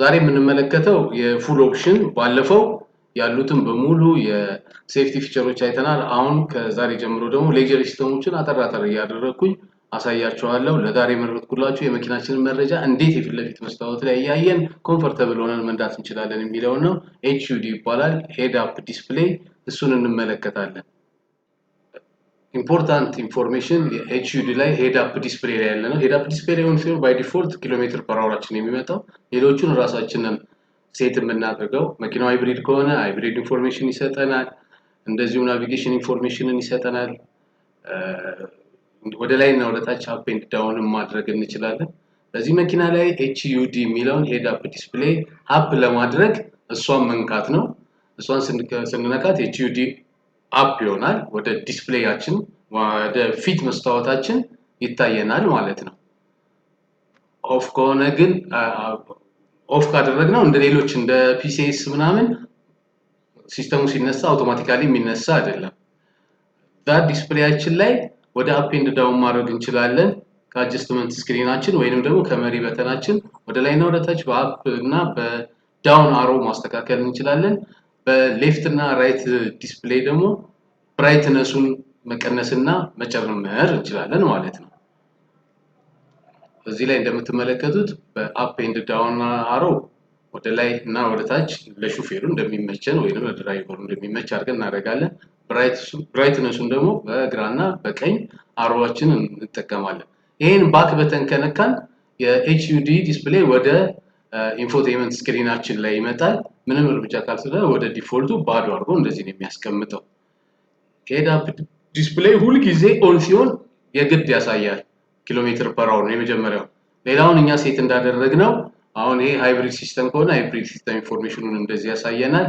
ዛሬ የምንመለከተው የፉል ኦፕሽን ባለፈው ያሉትን በሙሉ የሴፍቲ ፊቸሮች አይተናል። አሁን ከዛሬ ጀምሮ ደግሞ ሌጀር ሲስተሞችን አጠር አጠር እያደረግኩኝ አሳያችኋለሁ። ለዛሬ የመረጥኩላችሁ የመኪናችንን መረጃ እንዴት የፊት ለፊት መስታወት ላይ እያየን ኮምፈርተብል ሆነን መንዳት እንችላለን የሚለውን ነው። ኤችዩዲ ይባላል። ሄድ አፕ ዲስፕሌይ፣ እሱን እንመለከታለን። ኢምፖርታንት ኢንፎርሜሽን ኤችዩዲ ላይ ሄድአፕ ዲስፕሌይ ላይ ያለ ነው። ሄድአፕ ዲስፕሌይ ላይ ሆን ሲሆን ባይ ዲፎልት ኪሎ ሜትር ፐር አወራችን የሚመጣው ሌሎቹን ራሳችንን ሴት የምናደርገው መኪናው ሃይብሪድ ከሆነ ሃይብሪድ ኢንፎርሜሽን ይሰጠናል። እንደዚሁም ናቪጌሽን ኢንፎርሜሽንን ይሰጠናል። ወደ ላይ እና ወደ ታች አፕ ኤንድ ዳውንም ማድረግ እንችላለን። በዚህ መኪና ላይ ኤችዩዲ የሚለውን ሄድ አፕ ዲስፕሌይ አፕ ለማድረግ እሷን መንካት ነው። እሷን ስንነካት ኤችዩዲ አፕ ይሆናል። ወደ ዲስፕሌያችን ወደ ፊት መስታወታችን ይታየናል ማለት ነው። ኦፍ ከሆነ ግን ኦፍ ካደረግነው እንደ ሌሎች እንደ ፒሲኤስ ምናምን ሲስተሙ ሲነሳ አውቶማቲካሊ የሚነሳ አይደለም። ዛ ዲስፕሌያችን ላይ ወደ አፕ ኤንድ ዳውን ማድረግ እንችላለን ከአጀስትመንት ስክሪናችን ወይንም ደግሞ ከመሪ በተናችን ወደ ላይና ወደ ታች በአፕ እና በዳውን አሮ ማስተካከል እንችላለን። በሌፍት እና ራይት ዲስፕሌይ ደግሞ ብራይትነሱን መቀነስና መጨመር እንችላለን ማለት ነው። እዚህ ላይ እንደምትመለከቱት በአፕ ኤንድ ዳውን አሮ ወደ ላይ እና ወደ ታች ለሹፌሩ እንደሚመቸን ወይም ለድራይቨሩ እንደሚመች አድርገን እናደርጋለን። ብራይትነሱን ደግሞ በግራና በቀኝ አሮዎችን እንጠቀማለን። ይህን ባክ በተን ከነካን የኤችዩዲ ዲስፕሌይ ወደ ኢንፎቴመንት ስክሪናችን ላይ ይመጣል። ምንም እርምጃ ካልስለ ወደ ዲፎልቱ ባዶ አድርጎ እንደዚህ ነው የሚያስቀምጠው። ሄድ አፕ ዲስፕሌይ ሁልጊዜ ኦን ሲሆን የግድ ያሳያል ኪሎ ሜትር ፐር አወር ነው የመጀመሪያው። ሌላውን እኛ ሴት እንዳደረግ ነው። አሁን ይሄ ሃይብሪድ ሲስተም ከሆነ ሃይብሪድ ሲስተም ኢንፎርሜሽኑን እንደዚህ ያሳየናል።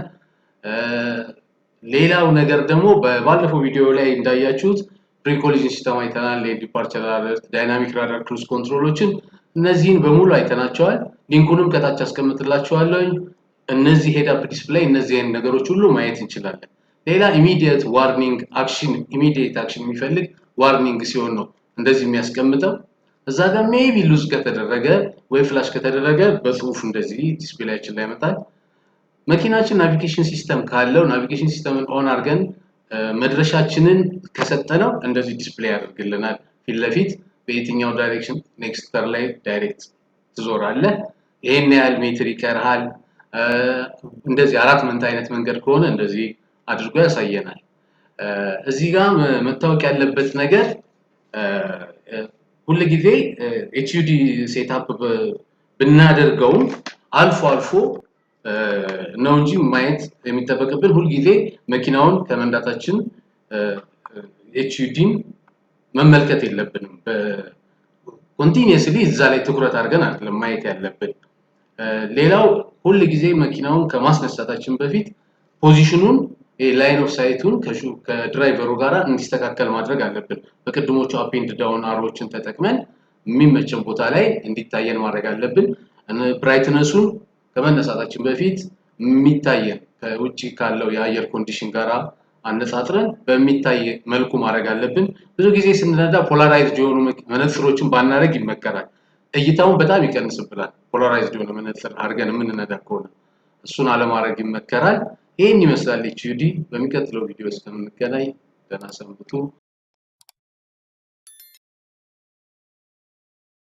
ሌላው ነገር ደግሞ በባለፈው ቪዲዮ ላይ እንዳያችሁት ፕሪኮሊዥን ሲስተም አይተናል። ዲፓርቸር ዳይናሚክ ራዳር፣ ክሩዝ ኮንትሮሎችን እነዚህን በሙሉ አይተናቸዋል። ሊንኩንም ከታች አስቀምጥላቸዋለሁኝ። እነዚህ ሄድ አፕ ዲስፕላይ እነዚህ አይነት ነገሮች ሁሉ ማየት እንችላለን። ሌላ ኢሚዲየት ዋርኒንግ አክሽን ኢሚዲየት አክሽን የሚፈልግ ዋርኒንግ ሲሆን ነው እንደዚህ የሚያስቀምጠው። እዛ ጋር ሜቢ ሉዝ ከተደረገ ወይ ፍላሽ ከተደረገ በጽሁፍ እንደዚህ ዲስፕላያችን ላይ ይመጣል። መኪናችን ናቪጌሽን ሲስተም ካለው ናቪጌሽን ሲስተምን ኦን አድርገን መድረሻችንን ከሰጠነው እንደዚህ ዲስፕሌይ ያደርግልናል። ፊት ለፊት በየትኛው ዳይሬክሽን ኔክስት ላይ ዳይሬክት ትዞራለህ፣ ይሄን ያህል ሜትር ይቀርሃል፣ እንደዚህ አራት መንታ አይነት መንገድ ከሆነ እንደዚህ አድርጎ ያሳየናል። እዚህ ጋር መታወቅ ያለበት ነገር ጊዜ ኤችዩዲ ሴታፕ ብናደርገውም አልፎ አልፎ ነው እንጂ ማየት የሚጠበቅብን ሁልጊዜ መኪናውን ከመንዳታችን ኤችዩዲን መመልከት የለብንም። ኮንቲኒየስሊ እዛ ላይ ትኩረት አድርገን አይደለም ማየት ያለብን። ሌላው ሁል ጊዜ መኪናውን ከማስነሳታችን በፊት ፖዚሽኑን ላይን ኦፍ ሳይቱን ከድራይቨሩ ጋር እንዲስተካከል ማድረግ አለብን። በቅድሞቹ አፔንድ ዳውን አሮችን ተጠቅመን የሚመቸን ቦታ ላይ እንዲታየን ማድረግ አለብን። ብራይትነሱን ከመነሳታችን በፊት የሚታየን ከውጭ ካለው የአየር ኮንዲሽን ጋር አነጻጽረን በሚታይ መልኩ ማድረግ አለብን። ብዙ ጊዜ ስንነዳ ፖላራይዝድ የሆኑ መነጽሮችን ባናደረግ ይመከራል። እይታውን በጣም ይቀንስብናል። ፖላራይዝድ የሆነ መነጽር አድርገን የምንነዳ ከሆነ እሱን አለማድረግ ይመከራል። ይህን ይመስላል። ዩዲ። በሚቀጥለው ቪዲዮ እስከምንገናኝ ደህና ሰንብቱ።